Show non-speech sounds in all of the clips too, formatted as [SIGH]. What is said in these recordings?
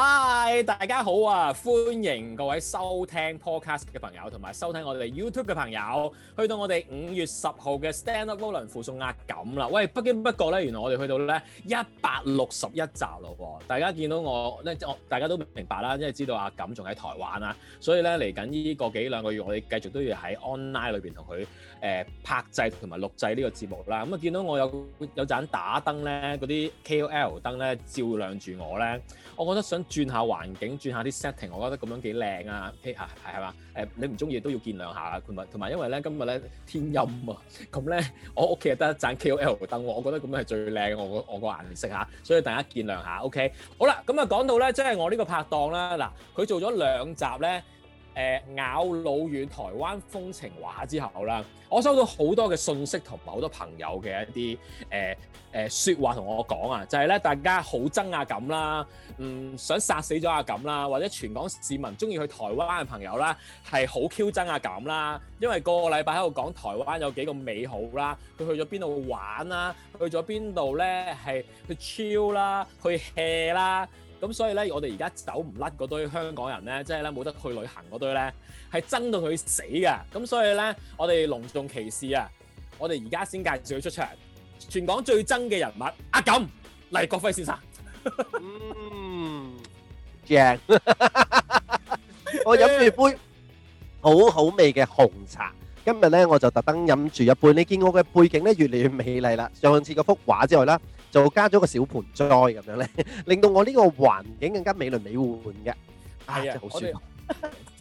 Hi，大家好啊！歡迎各位收聽 Podcast 嘅朋友，同埋收聽我哋 YouTube 嘅朋友，去到我哋五月十號嘅 Stand Up 咬老軟附送阿錦啦。喂，不經不覺咧，原來我哋去到咧一百六十一集咯喎！大家見到我咧，大家都明白啦，因為知道阿錦仲喺台灣啦，所以咧嚟緊呢個幾兩個月，我哋繼續都要喺 online 裏邊同佢誒拍製同埋錄製呢個節目啦。咁、嗯、啊，見到我有有盞打燈咧，啲 KOL 燈咧照亮住我咧，我覺得想。轉下環境，轉下啲 setting，我覺得咁樣幾靚啊啊，係係嘛？誒，你唔中意都要見諒下，同埋同埋，因為咧今日咧天陰啊，咁咧我屋企得一盞 K O L 燈，我覺得咁樣係、啊呃啊、最靚我個我個顏色嚇，所以大家見諒下 O K。Okay? 好啦，咁啊講到咧，即係我呢個拍檔啦，嗱，佢做咗兩集咧。誒、呃、咬老軟台灣風情畫之後啦，我收到好多嘅信息同埋好多朋友嘅一啲誒誒説話同我講啊，就係、是、咧大家好憎阿感啦，嗯想殺死咗阿感啦，或者全港市民中意去台灣嘅朋友啦，係好 Q 憎阿感啦，因為個個禮拜喺度講台灣有幾個美好啦，佢去咗邊度玩啦，去咗邊度咧係去 chill 啦，去 hea 啦。咁所以咧，我哋而家走唔甩嗰堆香港人咧，即係咧冇得去旅行嗰堆咧，係憎到佢死噶。咁所以咧，我哋隆重其事啊！我哋而家先介紹佢出場，全港最憎嘅人物阿感黎國輝先生。嗯，正，我飲住杯好好味嘅紅茶。今日咧，我就特登飲住一杯。呢間屋嘅背景咧，越嚟越美麗啦。上次嗰幅畫之外啦。就加咗個小盆栽咁樣咧，令到我呢個環境更加美輪美奐嘅，哎啊，的好舒服。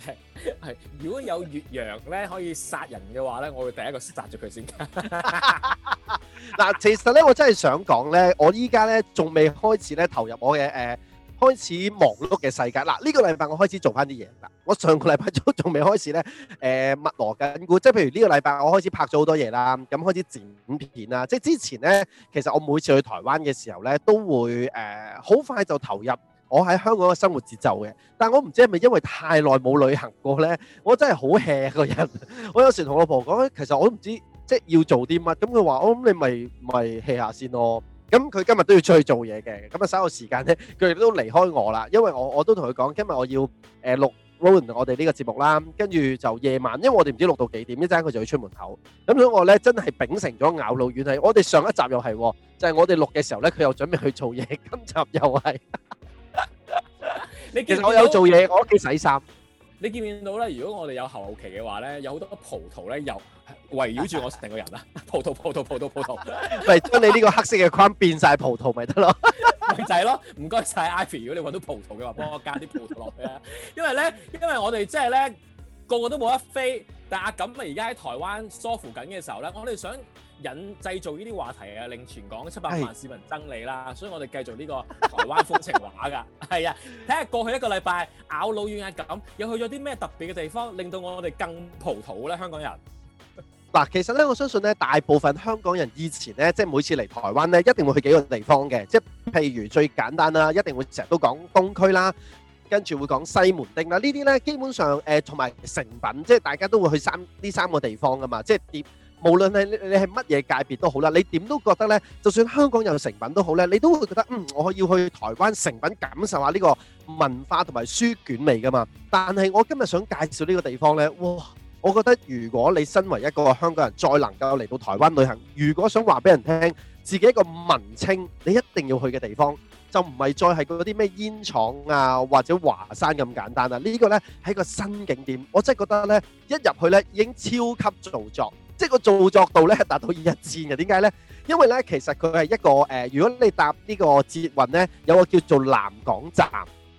係們， [LAUGHS] [LAUGHS] 如果有越陽咧可以殺人嘅話咧，我會第一個殺咗佢先。嗱 [LAUGHS] [LAUGHS] 其實咧，我真係想講咧，我依家咧仲未開始咧投入我嘅誒。呃開始忙碌嘅世界嗱，呢、呢個禮拜我開始做翻啲嘢啦。我上個禮拜都仲未開始咧，誒、呃，密鑼緊鼓，即係譬如呢個禮拜我開始拍咗好多嘢啦，咁開始剪片啦。即係之前咧，其實我每次去台灣嘅時候咧，都會誒好、呃、快就投入我喺香港嘅生活節奏嘅。但我唔知係咪因為太耐冇旅行過咧，我真係好 hea 個人。 [LAUGHS] 我有時同老婆講，其實我都唔知即係要做啲乜，咁佢話：我諗你咪咪 hea 下先咯。咁佢今日都要出去做嘢嘅，咁啊稍後時間咧，佢哋都離開我啦，因為我我都同佢講今日我要誒錄錄我哋呢個節目啦，跟住就夜晚，因為我哋唔知錄到幾點，一陣間佢就要出門口，咁所以我咧真係秉承咗咬老軟係，我哋上一集又係，就係我哋錄嘅時候咧，佢又準備去做嘢，今集又係。其實我有做嘢，我屋企洗衫。你見唔見到咧？如果我哋有後期嘅話咧，有好多葡萄咧，又圍繞住我成個人啦！葡萄葡萄葡萄葡萄，咪將你呢個黑色嘅框變晒葡萄咪得咯，咪就係咯！唔該晒。Ivy，如果你揾到葡萄嘅話，幫我加啲葡萄落去啊！ [LAUGHS] 因為咧，因為我哋即係咧個個都冇得飛，但阿錦咪而家喺台灣梳乎緊嘅時候咧，我哋想。引製造呢啲話題啊，令全港七百萬市民爭利啦！所以我哋繼續呢個台灣風情畫㗎，係啊，睇下過去一個禮拜咬老軟係咁，又去咗啲咩特別嘅地方，令到我哋更葡萄咧，香港人。嗱，其實咧，我相信咧，大部分香港人以前咧，即係每次嚟台灣咧，一定會去幾個地方嘅，即係譬如最簡單啦，一定會成日都講東區啦，跟住會講西門町啦，呢啲咧基本上誒同埋誠品，即係大家都會去三呢三個地方㗎嘛，即係點？無論係你係乜嘢界別都好啦，你點都覺得呢？就算香港有誠品都好呢，你都會覺得嗯，我要去台灣誠品感受下呢個文化同埋書卷味噶嘛。但係我今日想介紹呢個地方呢，哇！我覺得如果你身為一個香港人，再能夠嚟到台灣旅行，如果想話俾人聽自己一個文青，你一定要去嘅地方，就唔係再係嗰啲咩煙廠啊或者華山咁簡單啦。呢個呢係一個新景點，我真係覺得呢，一入去呢已經超級做作。即係個造作度咧達到二一戰嘅，點解咧？因為咧，其實佢係一個誒，如果你搭呢個捷運咧，有個叫做南港站。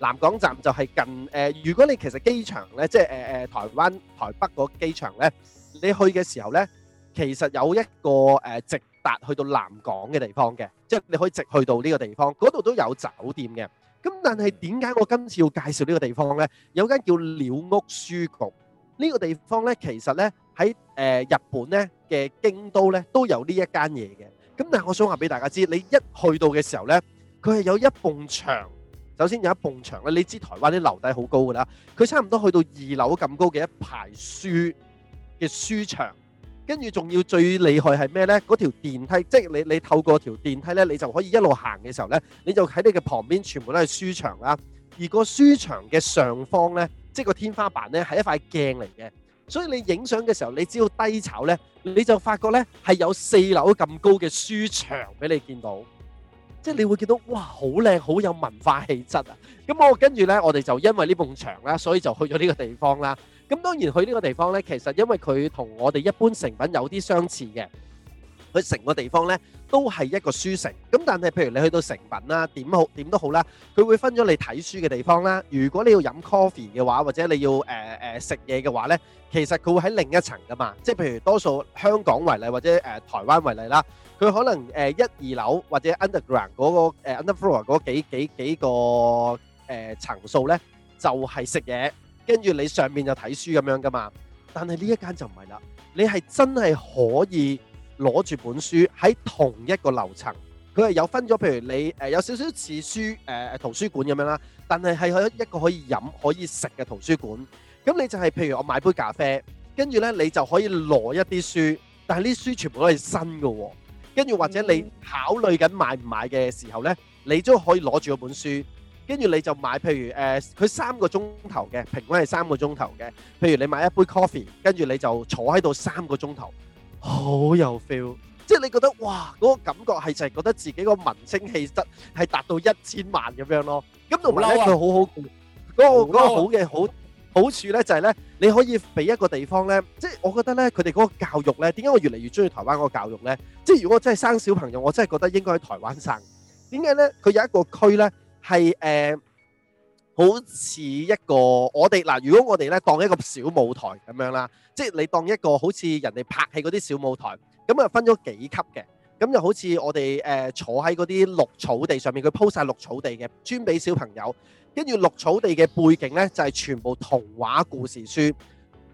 南港站就係近誒，如果你其實機場咧，即係誒誒台灣台北個機場咧，你去嘅時候咧，其實有一個誒直達去到南港嘅地方嘅，即係你可以直去到呢個地方，嗰度都有酒店嘅。咁但係點解我今次要介紹呢個地方咧？有間叫鳥屋書局呢個地方咧，其實咧。喺誒日本咧嘅京都咧都有呢一間嘢嘅，咁但係我想話俾大家知，你一去到嘅時候咧，佢係有一埲牆，首先有一埲牆咧，你知台灣啲樓底好高㗎啦，佢差唔多去到二樓咁高嘅一排書嘅書牆，跟住仲要最厲害係咩咧？嗰條電梯，即係你你透過條電梯咧，你就可以一路行嘅時候咧，你就喺你嘅旁邊全部都係書牆啦。而個書牆嘅上方咧，即係個天花板咧，係一塊鏡嚟嘅。所以你影相嘅時候，你只要低炒咧，你就發覺咧係有四樓咁高嘅書牆俾你見到，即係你會見到哇，好靚，好有文化氣質啊！咁我跟住咧，我哋就因為呢埲牆啦，所以就去咗呢個地方啦。咁、嗯、當然去呢個地方咧，其實因為佢同我哋一般成品有啲相似嘅，佢成個地方咧。都係一個書城咁，但係譬如你去到誠品啦，點好點都好啦，佢會分咗你睇書嘅地方啦。如果你要飲 coffee 嘅話，或者你要誒誒食嘢嘅話咧，其實佢會喺另一層㗎嘛。即係譬如多數香港為例，或者誒台灣為例啦，佢可能誒一二樓或者 underground 嗰個誒 underfloor 嗰幾幾幾個誒層數咧，就係食嘢，跟住你上面就睇書咁樣㗎嘛。但係呢一間就唔係啦，你係真係可以。攞住本書喺同一個樓層，佢係有分咗，譬如你誒有少少似書誒誒、呃、圖書館咁樣啦，但係係一個可以飲可以食嘅圖書館。咁你就係、是、譬如我買杯咖啡，跟住呢，你就可以攞一啲書，但係呢啲書全部都係新嘅喎。跟住或者你考慮緊買唔買嘅時候呢，你都可以攞住嗰本書，跟住你就買譬如誒，佢、呃、三個鐘頭嘅，平均係三個鐘頭嘅。譬如你買一杯 coffee，跟住你就坐喺度三個鐘頭。好有 feel，即係你覺得哇嗰，那個感覺係就係覺得自己個文青氣質係達到一千萬咁樣咯。咁同埋咧佢好好嗰，那個好，啊，個好嘅好好處咧就係咧，你可以俾一個地方咧，即係我覺得咧佢哋嗰個教育咧，點解我越嚟越中意台灣嗰個教育咧？即係如果我真係生小朋友，我真係覺得應該喺台灣生。點解咧？佢有一個區咧係誒。好似一個我哋嗱，如果我哋咧當一個小舞台咁樣啦，即係你當一個好似人哋拍戲嗰啲小舞台，咁啊分咗幾級嘅，咁就好似我哋誒、呃、坐喺嗰啲綠草地上面，佢鋪晒綠草地嘅，專俾小朋友，跟住綠草地嘅背景咧就係、是、全部童話故事書。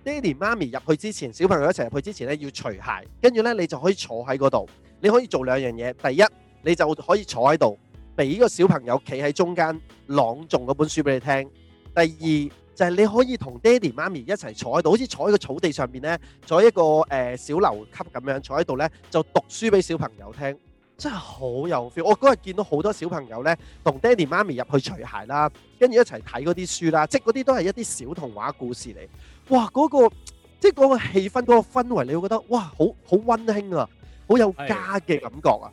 爹哋媽咪入去之前，小朋友一齊入去之前咧要除鞋，跟住咧你就可以坐喺嗰度，你可以做兩樣嘢，第一你就可以坐喺度。俾個小朋友企喺中間朗誦嗰本書俾你聽。第二就係、是、你可以同爹哋媽咪一齊坐喺度，好似坐喺個草地上面呢，坐喺一個誒、呃、小樓級咁樣坐喺度呢，就讀書俾小朋友聽。真係好有 feel！我嗰日見到好多小朋友呢，同爹哋媽咪入去除鞋啦，跟住一齊睇嗰啲書啦，即係嗰啲都係一啲小童話故事嚟。哇！嗰、那個即係嗰個氣氛、嗰、那個氛圍，你會覺得哇，好好温馨啊，好有家嘅感覺啊，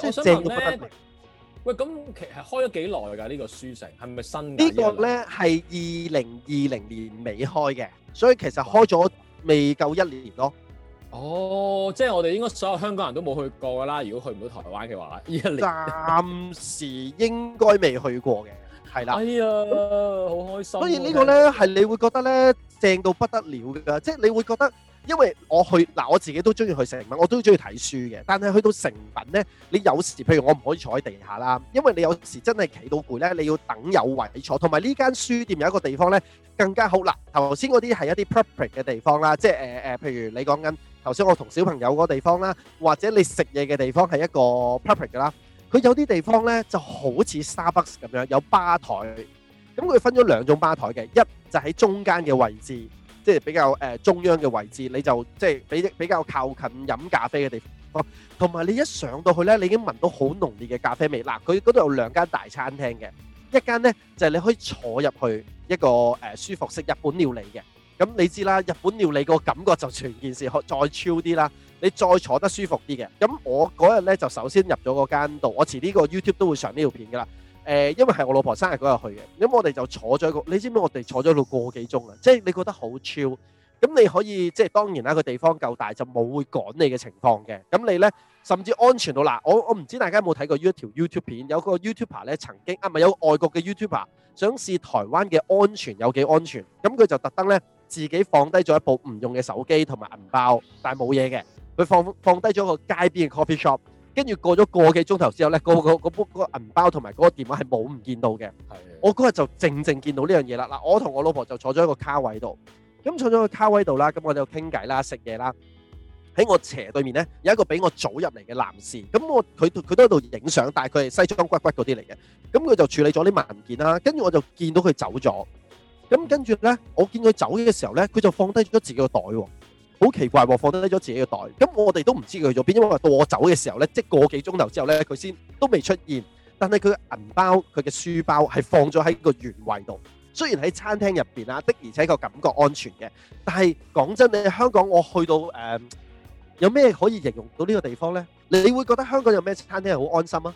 的正到不得喂，咁其實開咗幾耐㗎？呢個書城係咪新？呢個咧係二零二零年尾開嘅，所以其實開咗未夠一年咯。哦，即係我哋應該所有香港人都冇去過㗎啦。如果去唔到台灣嘅話，二一年暫時應該未去過嘅，係啦。哎呀，好開心啊！所以個呢個咧係你會覺得咧正到不得了㗎，即係你會覺得。因為我去嗱，我自己都中意去誠品，我都中意睇書嘅。但係去到誠品呢，你有時譬如我唔可以坐喺地下啦，因為你有時真係企到攰呢，你要等有位你坐。同埋呢間書店有一個地方呢，更加好啦。頭先嗰啲係一啲 property 嘅地方啦，即係誒、呃、譬如你講緊頭先我同小朋友個嗰地方啦，或者你食嘢嘅地方係一個 property 啦。佢有啲地方呢就好似 Starbucks 咁樣有吧台，咁佢分咗兩種吧台嘅，一就喺中間嘅位置。即係比較誒中央嘅位置，你就即係比比較靠近飲咖啡嘅地方。同、啊、埋你一上到去呢，你已經聞到好濃烈嘅咖啡味。嗱、啊，佢嗰度有兩間大餐廳嘅，一間呢就係、是、你可以坐入去一個誒舒服式日本料理嘅。咁你知啦，日本料理個感覺就全件事再超啲啦。你再坐得舒服啲嘅。咁我嗰日呢，就首先入咗個間度，我遲啲個 YouTube 都會上呢條片㗎啦。誒，因為係我老婆生日嗰日去嘅，咁我哋就坐咗一個，你知唔知我哋坐咗到個幾鐘啊？即係你覺得好 chill，咁你可以即係當然啦，個地方夠大就冇會趕你嘅情況嘅，咁你呢，甚至安全到嗱，我我唔知大家有冇睇過一條 YouTube 片，有個 YouTuber 呢曾經啊，咪係有個外國嘅 YouTuber 想試台灣嘅安全有幾安全，咁佢就特登呢，自己放低咗一部唔用嘅手機同埋銀包，但係冇嘢嘅，佢放放低咗個街邊嘅 coffee shop。跟住過咗個幾鐘頭之後呢，嗰、嗰個嗰本、嗰個銀包同埋嗰個電話係冇唔見到嘅的。我嗰日就正正見到呢樣嘢啦。嗱，我同我老婆就坐咗一個卡位度，咁坐咗個卡位度啦，咁我哋就傾偈啦、食嘢啦。喺我斜對面呢，有一個比我早入嚟嘅男士，咁我佢佢都喺度影相，但係佢係西裝骨骨嗰啲嚟嘅。咁佢就處理咗啲文件啦，跟住我就見到佢走咗。咁跟住呢，我見佢走嘅時候呢，佢就放低咗自己個袋喎。好奇怪喎，放低咗自己嘅袋，咁我哋都唔知佢去咗邊，因為到我走嘅時候咧，即過幾個幾鐘頭之後咧，佢先都未出現。但係佢銀包、佢嘅書包係放咗喺個原位度。雖然喺餐廳入邊啦，的而且確感覺安全嘅。但係講真，你香港，我去到誒、呃，有咩可以形容到呢個地方咧？你會覺得香港有咩餐廳係好安心啊？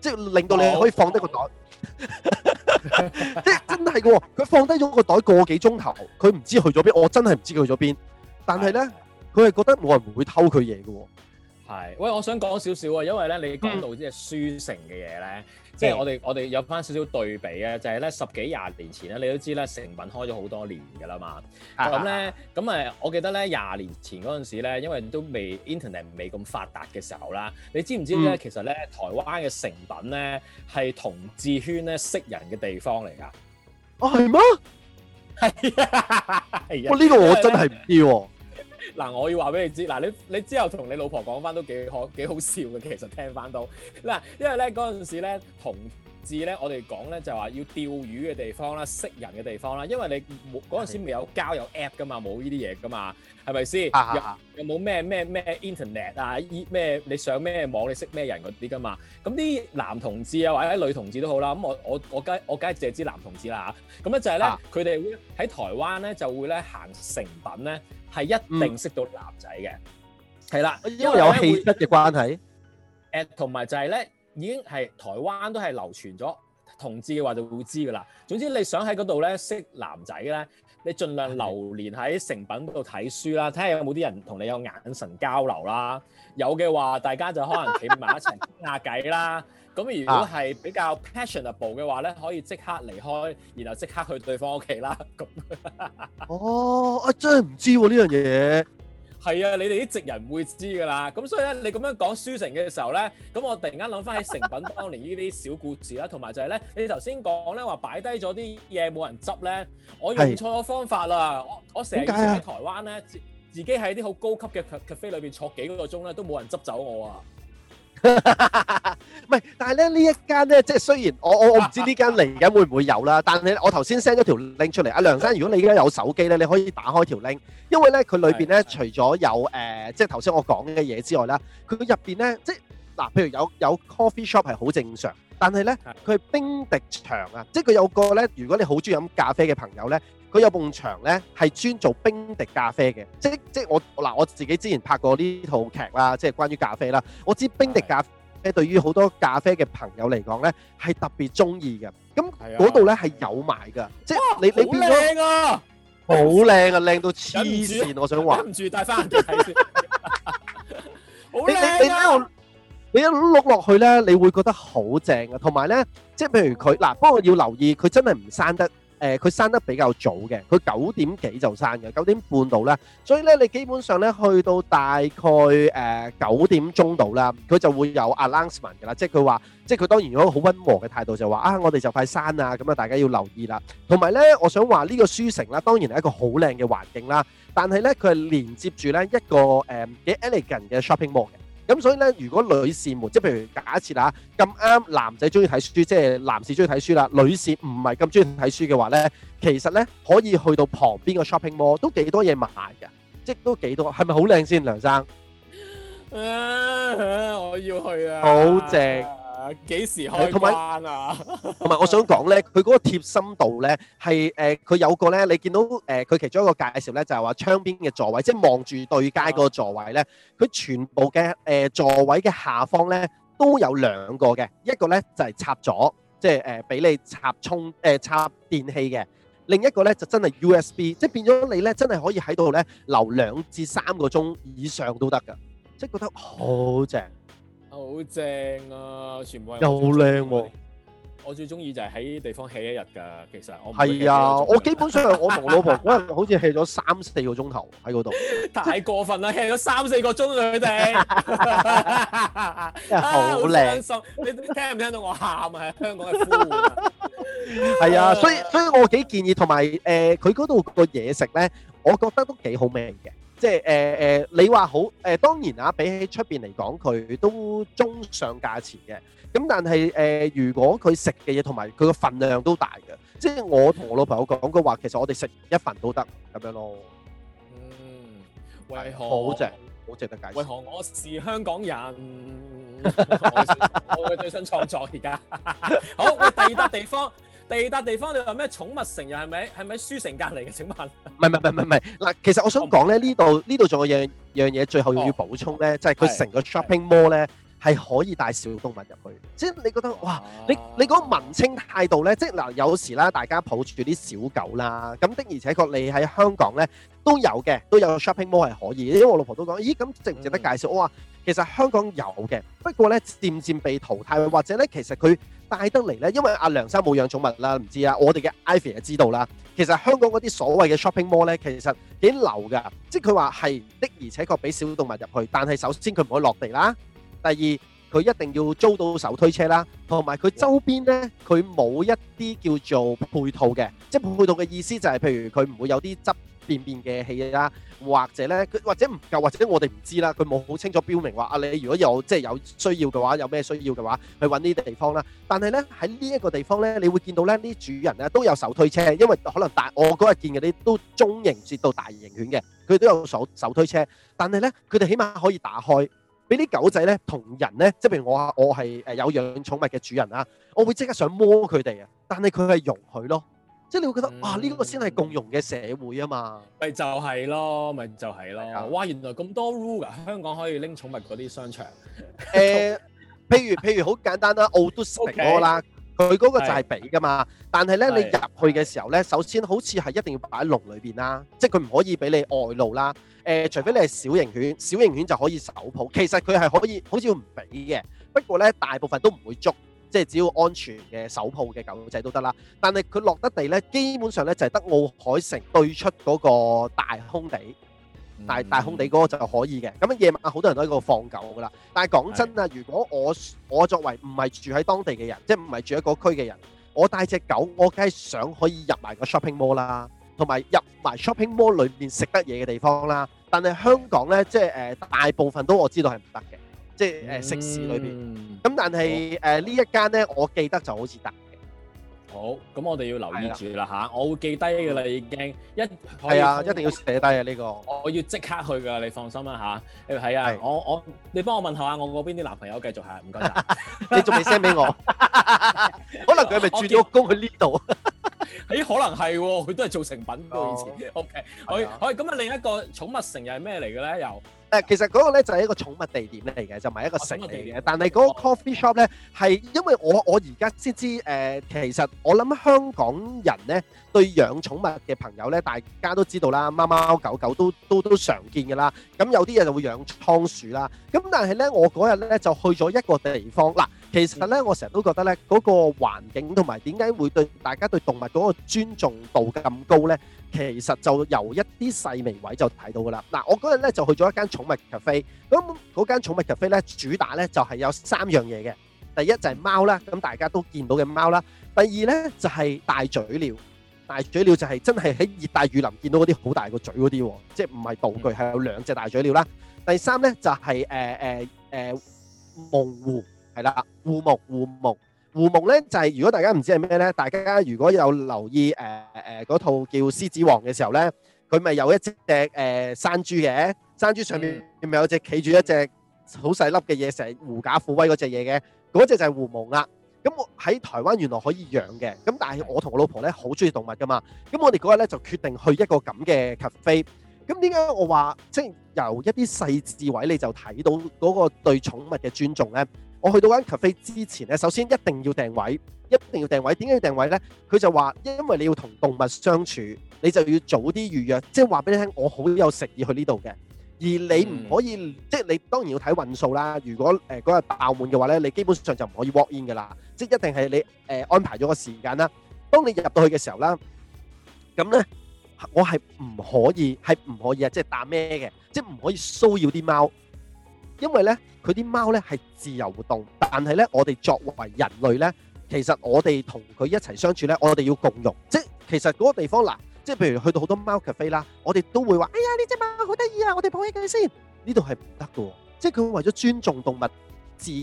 即令到你可以放低個袋，即 [LAUGHS] 真係嘅。佢放低咗個袋過幾個幾鐘頭，佢唔知去咗邊，我真係唔知佢去咗邊。但係咧，佢係的覺得冇人會偷佢嘢嘅喎。係，喂，我想講少少啊，因為咧，你講到即係書城嘅嘢咧，嗯、即係我哋我哋有翻少少對比啊，就係、是、咧十幾廿年前咧，你都知咧，成品開咗好多年嘅啦嘛。咁咧的，咁啊，我記得咧廿年前嗰陣時咧，因為都未 Internet 未咁發達嘅時候啦，你知唔知咧？嗯、其實咧，台灣嘅成品咧係同志圈咧識人嘅地方嚟噶。啊，係嗎？係啊， [LAUGHS] 喂，呢、哦呢個我真係唔知喎。 [LAUGHS] 嗱，我要話俾你知，嗱，你之後同你老婆講翻都幾，幾好笑嘅，其實聽翻都，嗱，因為咧嗰陣時咧字咧，我哋講咧就話要釣魚嘅地方啦，識人嘅地方啦，因為你嗰陣時未有交友 App 㗎嘛，冇呢啲嘢㗎嘛，係咪先？有有冇咩咩咩 Internet 啊？依咩你上咩網？你識咩人嗰啲㗎嘛？咁啲男同志啊，或者女同志都好啦。咁我我我梗我梗係淨係知男同志啦嚇。咁樣就係咧，佢哋喺台灣咧就會咧行誠品咧，係一定識到男仔嘅。係啦，因為有氣質嘅關係。誒，同埋就係咧。已經係台灣都係流傳咗同志嘅話就會知噶啦。總之你想喺嗰度咧識男仔咧，你盡量流連喺成品度睇書啦，睇下有冇啲人同你有眼神交流啦。有嘅話，大家就可能企埋一齊傾下偈啦。咁 [LAUGHS] 如果係比較 passionate 嘅話咧，可以即刻離開，然後即刻去對方屋企啦。咁 [LAUGHS] 哦，我真係唔知呢樣嘢。係啊，你哋啲籍人唔會知㗎啦。咁所以咧，你咁樣講書城嘅時候咧，咁我突然間諗翻起誠品當年呢啲小故事啦，同埋 [LAUGHS] 就係咧，你哋頭先講咧話擺低咗啲嘢冇人執咧，我用錯方法啦的。我我成日喺台灣咧，何自己喺啲好高級嘅 cafe 裏邊坐幾個鐘咧，都冇人執走我啊。唔係， [LAUGHS] 但係咧呢一間咧，即係雖然我我我唔知呢間嚟緊會唔會有啦，但係我頭先 send 咗條 link 出嚟，阿梁生，如果你而家有手機咧，你可以打開條 link，因為咧佢裏邊咧除咗有誒、呃，即係頭先我講嘅嘢之外啦，佢入邊咧，即係嗱，譬如有有 coffee shop 係好正常，但係咧佢係冰滴牆啊，即係佢有個咧，如果你好中意飲咖啡嘅朋友咧。佢有埲牆咧，係專做冰滴咖啡嘅，即即我嗱我自己之前拍過呢套劇啦，即係關於咖啡啦。我知冰滴咖啡對於好多咖啡嘅朋友嚟講咧，係特別中意嘅。咁嗰度咧係有賣嘅，哇即係你、啊、你變咗好靚啊！好靚啊，靚到黐線！我想話，忍唔住帶翻嚟睇先。你你你你一碌落去咧，你會覺得好正啊。同埋咧，即係譬如佢嗱，不過要留意，佢真係唔生得。誒，佢閂得比較早嘅，佢九點幾就閂嘅，九點半度咧，所以咧你基本上咧去到大概誒九點鐘度啦，佢就會有 announcement 嘅啦，即係佢話，即係佢當然用一個好溫和嘅態度，就話啊，我哋就快閂啊，咁啊大家要留意啦。同埋咧，我想話呢個書城啦，當然係一個好靚嘅環境啦，但係咧佢係連接住咧一個誒幾 elegant 嘅 shopping mall 嘅。咁所以咧，如果女士們，即係譬如假設吓咁啱男仔中意睇書，即係男士中意睇書啦，女士唔係咁中意睇書嘅話咧，其實咧可以去到旁邊個 shopping mall 都幾多嘢買㗎，即係都幾多，係咪好靚先，梁生？啊，我要去啊！好正。誒幾時開關啊？同埋我想講咧，佢嗰個貼心度咧，係誒佢有個咧，你見到誒佢其中一個介紹咧，就係話窗邊嘅座位，即係望住對街嗰個座位咧，佢全部嘅誒座位嘅下方咧都有兩個嘅，一個咧就係插蘇，即係誒俾你插充誒插電器嘅，另一個咧就真係 USB，即係變咗你咧真係可以喺度咧留兩至三個鐘以上都得㗎，即係覺得好正。好正啊！全部又靚喎，我最中意、啊、就係喺地方 hea 一日㗎。其實我係啊，我基本上我同老婆嗰日好似 hea 咗三四個鐘頭喺嗰度，太過分啦 hea 咗三四個鐘佢哋，好靚。你聽唔聽到我喊啊？喺香港嘅呼喚，係 [LAUGHS] 啊，所以所以我幾建議，同埋誒佢嗰度個嘢食咧，我覺得都幾好味嘅。即係誒誒，你話好誒、呃，當然啊，比起出邊嚟講，佢都中上價錢嘅。咁但係誒、呃，如果佢食嘅嘢同埋佢個份量都大嘅，即係我同我老婆講，佢話其實我哋食一份都得咁樣咯。嗯，為何好正，好值得介紹？為何我是香港人？ [LAUGHS] 我嘅最新創作而家 [LAUGHS] 好，第二笪地方。 [LAUGHS] 地笪地方你話咩？寵物城又係咪係咪書城隔離嘅？請問。唔係唔係唔係唔係。嗱，其實我想講咧，呢度呢度仲有樣樣嘢，最後要補充咧，就係佢成個 shopping mall 咧係可以帶小動物入去。即係你覺得哇，你你嗰個文青態度咧，即係嗱，有時啦，大家抱住啲小狗啦，咁的而且確你喺香港咧都有嘅，都有個 shopping mall 係可以。因為我老婆都講，咦，咁值唔值得介紹？我話。其實香港有嘅，不過咧漸漸被淘汰，或者咧其實佢帶得嚟咧，因為阿梁生冇養寵物啦，唔知啊，我哋嘅 Ivy 就知道啦。其實香港嗰啲所謂嘅 shopping mall 咧，其實幾流噶，即係佢話係的，而且確俾小動物入去，但係首先佢唔可以落地啦，第二佢一定要租到手推車啦，同埋佢周邊咧佢冇一啲叫做配套嘅，即係配套嘅意思就係譬如佢唔會有啲執便便嘅器啦，或者咧，或者唔夠，或者我哋唔知啦，佢冇好清楚標明話啊，你如果有即係、就是、有需要嘅話，有咩需要嘅話，去搵呢啲地方啦。但係咧，喺呢一個地方咧，你會見到咧啲主人咧都有手推車，因為可能大我嗰日見嘅啲都中型至到大型犬嘅，佢都有手手推車。但係咧，佢哋起碼可以打開，俾啲狗仔咧同人咧，即係譬如我，我係誒有養寵物嘅主人啦，我會即刻想摸佢哋啊，但係佢係容許咯。即係你會覺得，哇、嗯！呢、啊這個先係共融嘅社會啊嘛，咪就係咯，咪就係、是、咯。的哇！原來咁多 rule 噶，香港可以拎寵物嗰啲商場。誒、 [LAUGHS] [LAUGHS] 呃，譬如譬如好簡單啦，Audubon 啦，佢嗰、那個、Okay. 個就係俾噶嘛。是但係咧，是你入去嘅時候咧，首先好似係一定要擺喺籠裏邊啦，即係佢唔可以俾你外露啦。誒、呃，除非你係小型犬，小型犬就可以手抱。其實佢係可以，好似唔俾嘅。不過咧，大部分都唔會捉。即係只要安全嘅手抱嘅狗仔都得啦，但係佢落得地呢，基本上呢就係得奧海城對出嗰個大空地，大大空地嗰個就可以嘅。咁啊，夜晚好多人都喺度放狗噶啦。但係講真啊，如果我我作為唔係住喺當地嘅人，即係唔係住喺個區嘅人，我帶隻狗，我梗係想可以入埋個 shopping mall 啦，同埋入埋 shopping mall 裏面食得嘢嘅地方啦。但係香港呢，即係誒大部分都我知道係唔得嘅。即係誒食肆裏邊，咁但係誒呢一間咧，我記得就好似得嘅。好，咁我哋要留意住啦吓，我會記低嘅啦已經，一係啊，一定要寫低啊呢個，我要即刻去㗎，你放心啦吓，嚇。係啊，我我你幫我問下我嗰邊啲男朋友繼續係，唔該曬，你仲未 send 俾我，可能佢係咪轉咗工去呢度。誒可能係喎，佢都係做成品嘅。以前，OK，可可以咁啊。另一個寵物城又係咩嚟嘅咧？又誒，其實嗰個咧就係一個寵物地點嚟嘅，就唔係一個城嚟嘅。但係嗰個 coffee shop 咧係因為我我而家先知誒，其實我諗香港人咧對養寵物嘅朋友咧，大家都知道啦，貓貓狗狗都都都常見㗎啦。咁有啲嘢就會養倉鼠啦。咁但係咧，我嗰日咧就去咗一個地方啦。其實咧，我成日都覺得咧，嗰個環境同埋點解會對大家對動物嗰個尊重度咁高咧？其實就由一啲細微位就睇到噶啦。嗱，我嗰日咧就去咗一間寵物 cafe，咁嗰間寵物 cafe 咧主打咧就係有三樣嘢嘅。第一就係貓啦，咁大家都見到嘅貓啦。第二咧就係大嘴鳥，大嘴鳥就係真係喺熱帶雨林見到嗰啲好大個嘴嗰啲，即係唔係道具，係有兩隻大嘴鳥啦。第三咧就係誒誒誒蒙狐。係啦，狐獴、狐獴，狐獴咧就係、是、如果大家唔知係咩咧，大家如果有留意誒誒嗰套叫《獅子王》嘅時候咧，佢咪有一隻誒山豬嘅，山豬上面咪有隻企住一隻好細粒嘅嘢，成日狐假虎威嗰隻嘢嘅，嗰隻就係狐獴啦。咁喺台灣原來可以養嘅，咁但係我同我老婆咧好中意動物噶嘛，咁我哋嗰日咧就決定去一個咁嘅 cafe。咁點解我話即係由一啲細緻位你就睇到嗰個對寵物嘅尊重咧？我去到間 cafe 之前咧，首先一定要訂位，一定要訂位。點解要訂位咧？佢就話，因為你要同動物相處，你就要早啲預約，即係話俾你聽，我好有誠意去呢度嘅。而你唔可以，即係你當然要睇運數啦。如果誒嗰日爆滿嘅話咧，你基本上就唔可以 walk in 嘅啦。即係一定係你誒安排咗個時間啦。當你入到去嘅時候啦，咁咧我係唔可以，係唔可以啊！即係打咩嘅？即係唔可以騷擾啲貓，因為咧。佢啲貓咧係自由活動，但係咧我哋作為人類咧，其實我哋同佢一齊相處咧，我哋要共融。即係其實嗰個地方嗱，即係譬如去到好多貓 cafe 啦，我哋都會話：哎呀，呢隻貓好得意啊！我哋抱起佢先。呢度係唔得㗎，即係佢為咗尊重動物自然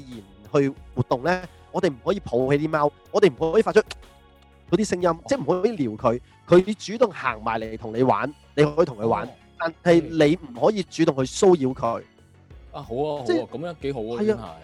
去活動咧，我哋唔可以抱起啲貓，我哋唔可以發出嗰啲聲音，即係唔可以撩佢。佢主動行埋嚟同你玩，你可以同佢玩，但係你唔可以主動去騷擾佢。好啊好啊，咁、啊、即樣幾好啊，啊，係啊，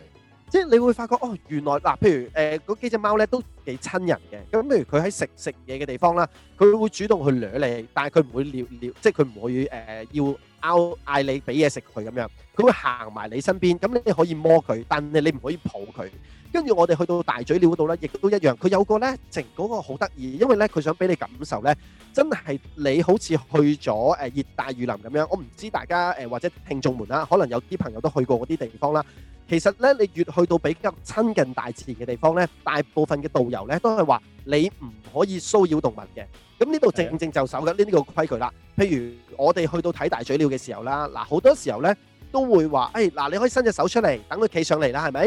即係你會發覺哦，原來嗱，譬如誒嗰、呃、幾隻貓咧都幾親人嘅，咁譬如佢喺食食嘢嘅地方啦，佢會主動去掠你，但係佢唔會撩撩，即係佢唔會誒、呃、要。嗌你俾嘢食佢咁樣，佢會行埋你身邊，咁你可以摸佢，但係你唔可以抱佢。跟住我哋去到大嘴鳥度呢，亦都一樣，佢有個呢，淨嗰個好得意，因為呢，佢想俾你感受呢，真係你好似去咗誒熱帶雨林咁樣。我唔知大家誒或者聽眾們啦，可能有啲朋友都去過嗰啲地方啦。其實呢，你越去到比較親近大自然嘅地方呢，大部分嘅導遊呢，都係話你唔可以騷擾動物嘅。咁呢度正正就守緊呢呢個規矩啦。譬如我哋去到睇大嘴鳥嘅時候啦，嗱好多時候咧，都會話，誒嗱你可以伸隻手出嚟等佢企上嚟啦，係咪？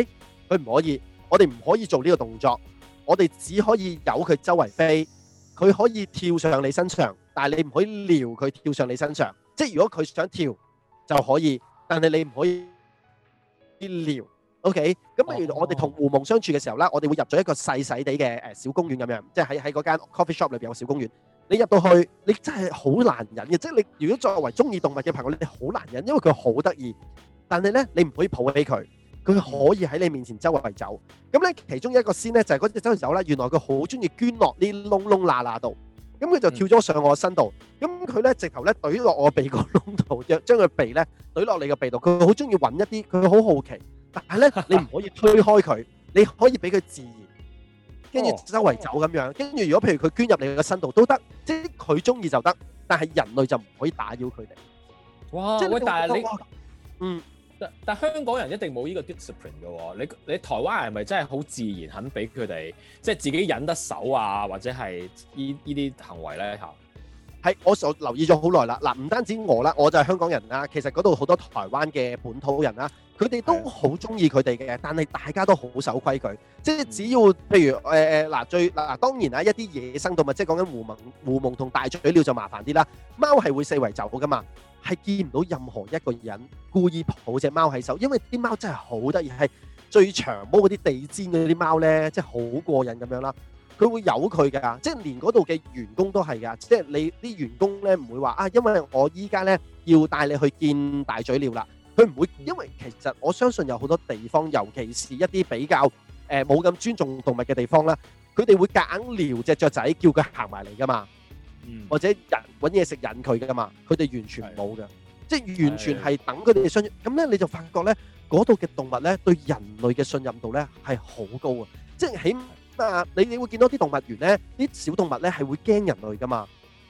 佢唔可以，我哋唔可以做呢個動作，我哋只可以由佢周圍飛，佢可以跳上你身上，但係你唔可以撩佢跳上你身上。即係如果佢想跳就可以，但係你唔可以撩。O.K. 咁、嗯、例如我哋同狐獴相處嘅時候啦，我哋會入咗一個細細地嘅誒小公園咁樣，即係喺喺嗰間 coffee shop 裏邊有個小公園。你入到去，你真係好難忍嘅，即係你如果作為中意動物嘅朋友，你好難忍，因為佢好得意。但係咧，你唔可以抱起佢，佢可以喺你面前周圍走。咁、嗯、咧，嗯、其中一個先咧就係嗰隻周圍走啦。原來佢好中意捐落啲窿窿罅罅度。咁、嗯、佢、嗯、就跳咗上我身度。咁佢咧直頭咧懟落我鼻個窿度，將將佢鼻咧懟落你個鼻度。佢好中意搵一啲，佢好好奇。但係咧，你唔可以推開佢，你可以俾佢自然，跟住周圍走咁樣。跟住如果譬如佢捐入你個身度都得，即係佢中意就得。但係人類就唔可以打擾佢哋。哇！即係但係你，你嗯，但但香港人一定冇呢個 discipline 嘅、哦、你你台灣人係咪真係好自然肯俾佢哋，即係自己忍得手啊，或者係呢依啲行為咧嚇？係我所留意咗好耐啦。嗱，唔單止我啦，我就係香港人啦。其實嗰度好多台灣嘅本土人啦。佢哋都好中意佢哋嘅，但係大家都好守規矩，即係只要譬如誒誒嗱最嗱當然啦，一啲野生動物即係講緊胡蒙胡蒙同大嘴鳥就麻煩啲啦。貓係會四圍走㗎嘛，係見唔到任何一個人故意抱隻貓喺手，因為啲貓真係好得意，係最長毛嗰啲地氈嗰啲貓咧，即係好過癮咁樣啦。佢會有佢㗎，即係連嗰度嘅員工都係㗎，即係你啲員工咧唔會話啊，因為我依家咧要帶你去見大嘴鳥啦。佢唔會，因為其實我相信有好多地方，尤其是一啲比較誒冇咁尊重動物嘅地方啦，佢哋會夾硬撩隻雀仔，叫佢行埋嚟㗎嘛，或者引揾嘢食引佢㗎嘛，佢哋完全冇嘅，即係完全係等佢哋相。咁咧你就發覺咧，嗰度嘅動物咧對人類嘅信任度咧係好高啊！即係起啊，你你會見到啲動物園咧，啲小動物咧係會驚人類㗎嘛。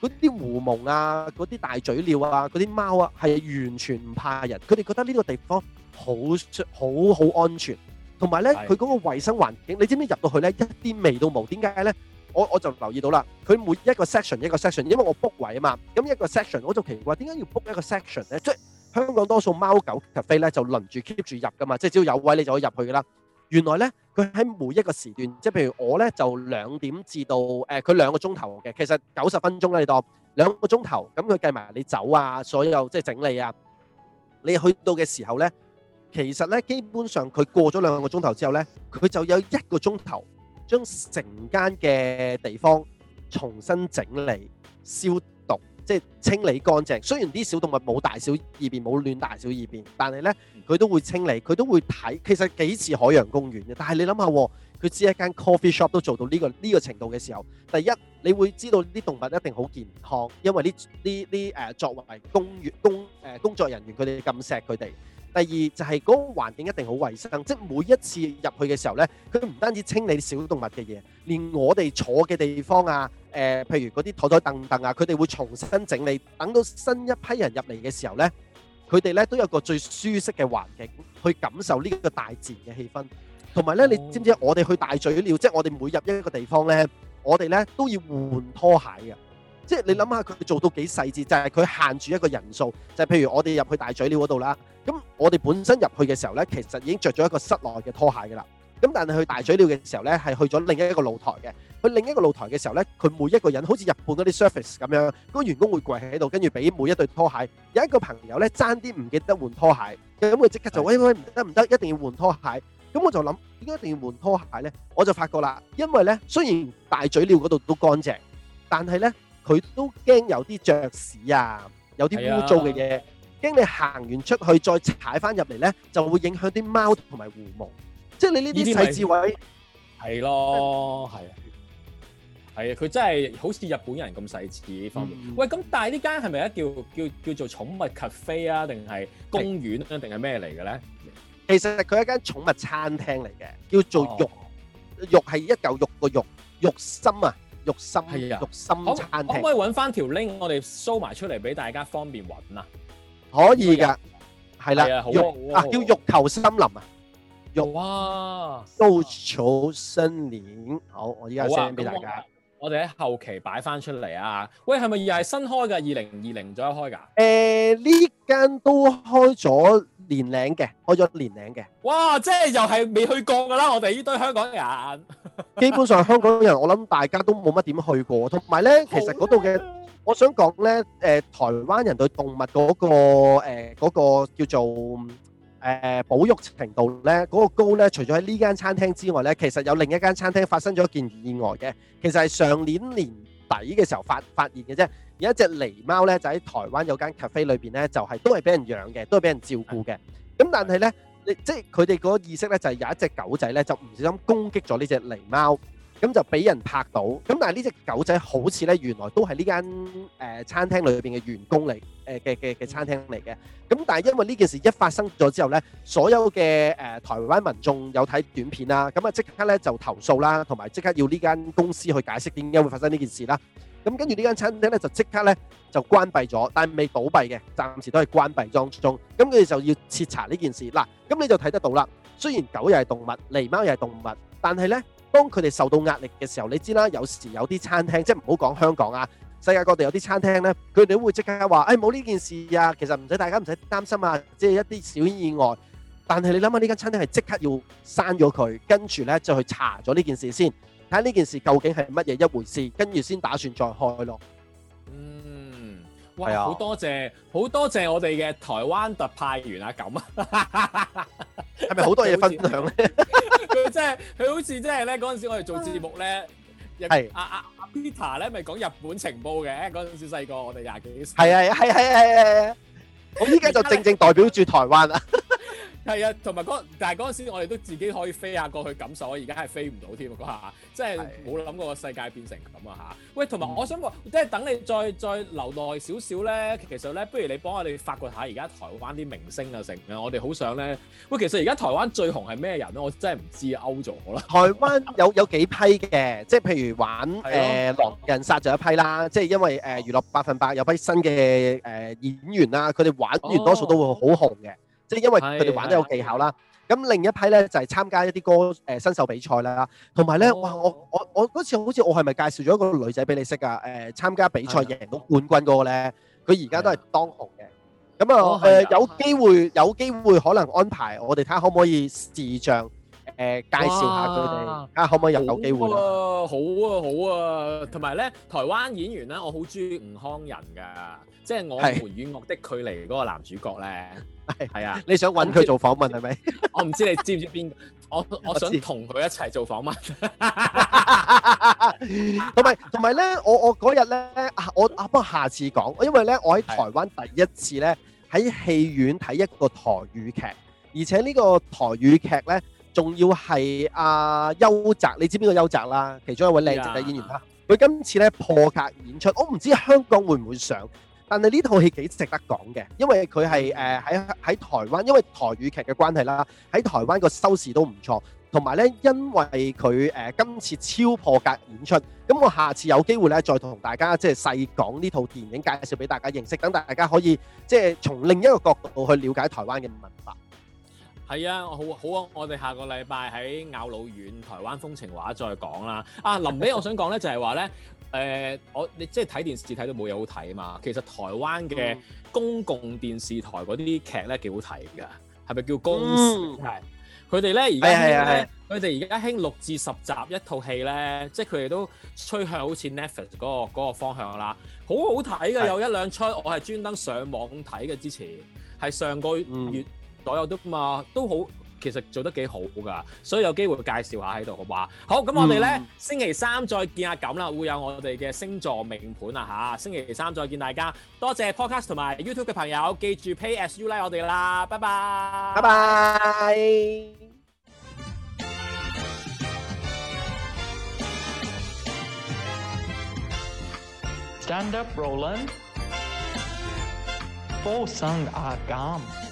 嗰啲狐獴啊，嗰啲大嘴鳥啊，嗰啲貓啊，係完全唔怕人。佢哋覺得呢個地方好、好、好安全，同埋呢，佢嗰個衞生環境。你知唔知入到去呢一啲味都冇？點解呢？我我就留意到啦。佢每一個 section 一個 section，因為我 book 位啊嘛。咁一個 section，我就奇怪點解要 book 一個 section 呢？即係香港多數貓狗咖啡呢，就輪住 keep 住入噶嘛。即係只要有位你就可以入去噶啦。原來呢，佢喺每一個時段，即係譬如我呢就兩點至到，誒佢兩個鐘頭嘅，其實九十分鐘啦，你當兩個鐘頭，咁佢計埋你走啊，所有即係整理啊，你去到嘅時候呢，其實呢基本上佢過咗兩個鐘頭之後呢，佢就有一個鐘頭將成間嘅地方重新整理，笑。即係清理乾淨，雖然啲小動物冇大小二便冇亂大小二便，但係咧佢都會清理，佢都會睇。其實幾似海洋公園嘅，但係你諗下，佢知一間 coffee shop 都做到呢、呢個呢、呢個程度嘅時候，第一你會知道啲動物一定好健康，因為呢呢呢誒作為公園工誒工作人員，佢哋咁錫佢哋。第二就係嗰個環境一定好衞生，即係每一次入去嘅時候咧，佢唔單止清理小動物嘅嘢，連我哋坐嘅地方啊，誒，譬如嗰啲枱枱凳凳啊，佢哋會重新整理。等到新一批人入嚟嘅時候咧，佢哋咧都有個最舒適嘅環境去感受呢個大自然嘅氣氛。同埋咧，你知唔知我哋去大嘴鳥，即係我哋每入一個地方咧，我哋咧都要換拖鞋嘅。即係你諗下，佢做到幾細緻，就係佢限住一個人數，就係譬如我哋入去大嘴鳥嗰度啦。咁我哋本身入去嘅時候咧，其實已經著咗一個室內嘅拖鞋㗎啦。咁但係去大嘴鳥嘅時候咧，係去咗另一個露台嘅。去另一個露台嘅時候咧，佢每一個人好似日本嗰啲服務員咁樣，個員工會跪喺度，跟住俾每一對拖鞋。有一個朋友咧爭啲唔記得換拖鞋，咁佢即刻就喂，喂唔得唔得，一定要換拖鞋。咁我就諗點解一定要換拖鞋咧？我就發覺啦，因為咧雖然大嘴鳥嗰度都乾淨，但係咧。佢都驚有啲雀屎啊，有啲污糟嘅嘢，驚你行完出去再踩翻入嚟咧，就會影響啲貓同埋狐毛。即係你呢啲細緻位，係咯，係啊，係啊，佢真係好似日本人咁細緻方面。喂，咁但係呢間係咪一叫叫叫做寵物 cafe 啊，定係公園啊，定係咩嚟嘅咧？其實佢係間寵物餐廳嚟嘅，叫做肉，肉係一嚿肉個肉，肉心啊！肉心係啊，的的肉心餐廳可唔可以揾翻條 link 我哋 show 埋出嚟俾大家方便揾啊？可以㗎，係啦，肉，啊，啊，叫肉球森林啊，肉哇，稻草新年！好，我依家 send 俾大家。啊、我哋喺後期擺翻出嚟啊！喂，係咪又係新開㗎？二零二零左右開㗎？誒呢、呃、間都開咗年零嘅，開咗年零嘅。哇！即係又係未去過㗎啦，我哋呢堆香港人。基本上香港人，我諗大家都冇乜點去過，同埋呢，其實嗰度嘅，我想講呢，誒、呃，台灣人對動物嗰、那個誒、呃那個叫做誒、呃、保育程度呢，嗰、那個高呢，除咗喺呢間餐廳之外呢，其實有另一間餐廳發生咗一件意外嘅，其實係上年年底嘅時候發發現嘅啫，有一隻狸貓呢，就喺台灣有間 cafe 裏邊呢就係、是、都係俾人養嘅，都係俾人照顧嘅，咁的、嗯、但係呢。你即係佢哋嗰個意思咧，就係有一隻狗仔咧，就唔小心攻擊咗呢隻狸貓，咁就俾人拍到。咁但係呢隻狗仔好似咧，原來都係呢間誒餐廳裏邊嘅員工嚟，誒嘅嘅嘅餐廳嚟嘅。咁但係因為呢件事一發生咗之後咧，所有嘅誒台灣民眾有睇短片啦，咁啊即刻咧就投訴啦，同埋即刻要呢間公司去解釋點解會發生呢件事啦。咁跟住呢間餐廳咧，就即刻咧就關閉咗，但係未倒閉嘅，暫時都係關閉裝中。咁佢哋就要徹查呢件事。嗱，咁你就睇得到啦。雖然狗又係動物，狸貓又係動物，但係咧，當佢哋受到壓力嘅時候，你知啦，有時有啲餐廳，即係唔好講香港啊，世界各地有啲餐廳咧，佢哋都會即刻話：誒冇呢件事啊，其實唔使大家唔使擔心啊，即係一啲小意外。但係你諗下，呢間餐廳係即刻要刪咗佢，跟住咧就去查咗呢件事先。睇下呢件事究竟係乜嘢一回事，跟住先打算再開咯。嗯，哇，好多謝，好多謝我哋嘅台灣特派員阿感，係咪好多嘢分享咧？佢即係佢好似即係咧嗰陣時我哋做節目咧，係阿阿阿 Peter 咧咪講日本情報嘅，嗰陣時細個我哋廿幾歲。係啊係係係係，咁依家就正正代表住台灣啦。係啊，同埋嗰但係嗰陣時，我哋都自己可以飛下過去感受。我而家係飛唔到添啊，嗰下即係冇諗過個世界變成咁啊吓，喂，同埋我想話，即係等你再再留耐少少咧，其實咧，不如你幫我哋發掘下而家台灣啲明星啊，成啊！我哋好想咧。喂，其實而家台灣最紅係咩人咧？我真係唔知勾咗啦。台灣有有幾批嘅，即係譬如玩誒狼的、呃、人殺咗一批啦，即係因為誒、呃、娛樂百分百有批新嘅誒、呃、演員啦，佢哋玩完多數都會好紅嘅。即係因為佢哋玩得有技巧啦，咁的另一批咧就係、是、參加一啲歌誒、呃、新秀比賽啦，同埋咧哇我我我嗰次好似我係咪介紹咗一個女仔俾你識啊？誒、呃、參加比賽贏到冠軍嗰個咧，佢而家都係當紅嘅，咁啊誒有機會有機會可能安排我哋睇下可唔可以視像。誒、呃，介紹下佢哋啊，哇可唔可以有有機會？好啊，好啊，同埋咧，台灣演員咧，我好中意吳康仁噶，即係《我們與惡的距離》嗰個男主角咧。係是啊，你想搵佢做訪問係咪？我唔知你知唔知邊個？我我想同佢一齊做訪問。同埋同埋咧，我我嗰日咧，我啊不過下次講，因為咧我喺台灣第一次咧喺戲院睇一個台語劇，而且呢個台語劇咧。仲要係阿邱澤，你知邊個邱澤啦？其中一位靚仔演員啦，佢今 Yeah. 次咧破格演出，我唔知香港會唔會上，但係呢套戲幾值得講嘅，因為佢係誒喺喺台灣，因為台語劇嘅關係啦，喺台灣個收視都唔錯，同埋咧因為佢誒、呃、今次超破格演出，咁我下次有機會咧再同大家即係細講呢套電影，介紹俾大家認識，等大家可以即係從另一個角度去了解台灣嘅文化。係啊，好好我好好我我哋下個禮拜喺咬老軟台灣風情畫再講啦。啊，臨尾我想講咧就係話咧，誒、呃、我你即係睇電視睇到冇嘢好睇啊嘛。其實台灣嘅公共電視台嗰啲劇咧幾好睇噶，係咪叫公視？係佢哋咧而家興咧，佢哋而家興六至十集一套戲咧，即係佢哋都趨向好似 Netflix 嗰、嗰個嗰個方向啦。好好睇嘅有一兩出，我係專登上網睇嘅之前，係上個月。嗯所有都嘛都好，其實做得幾好㗎，所以有機會介紹下喺度，好嘛？好咁，嗯、好，我哋咧星期三再見下咁啦，會有我哋嘅星座命盤啊吓，星期三再見大家，多謝 Podcast 同埋 YouTube 嘅朋友，記住 Pay As You Like 我哋啦，拜拜，拜拜。Stand up, Roland. For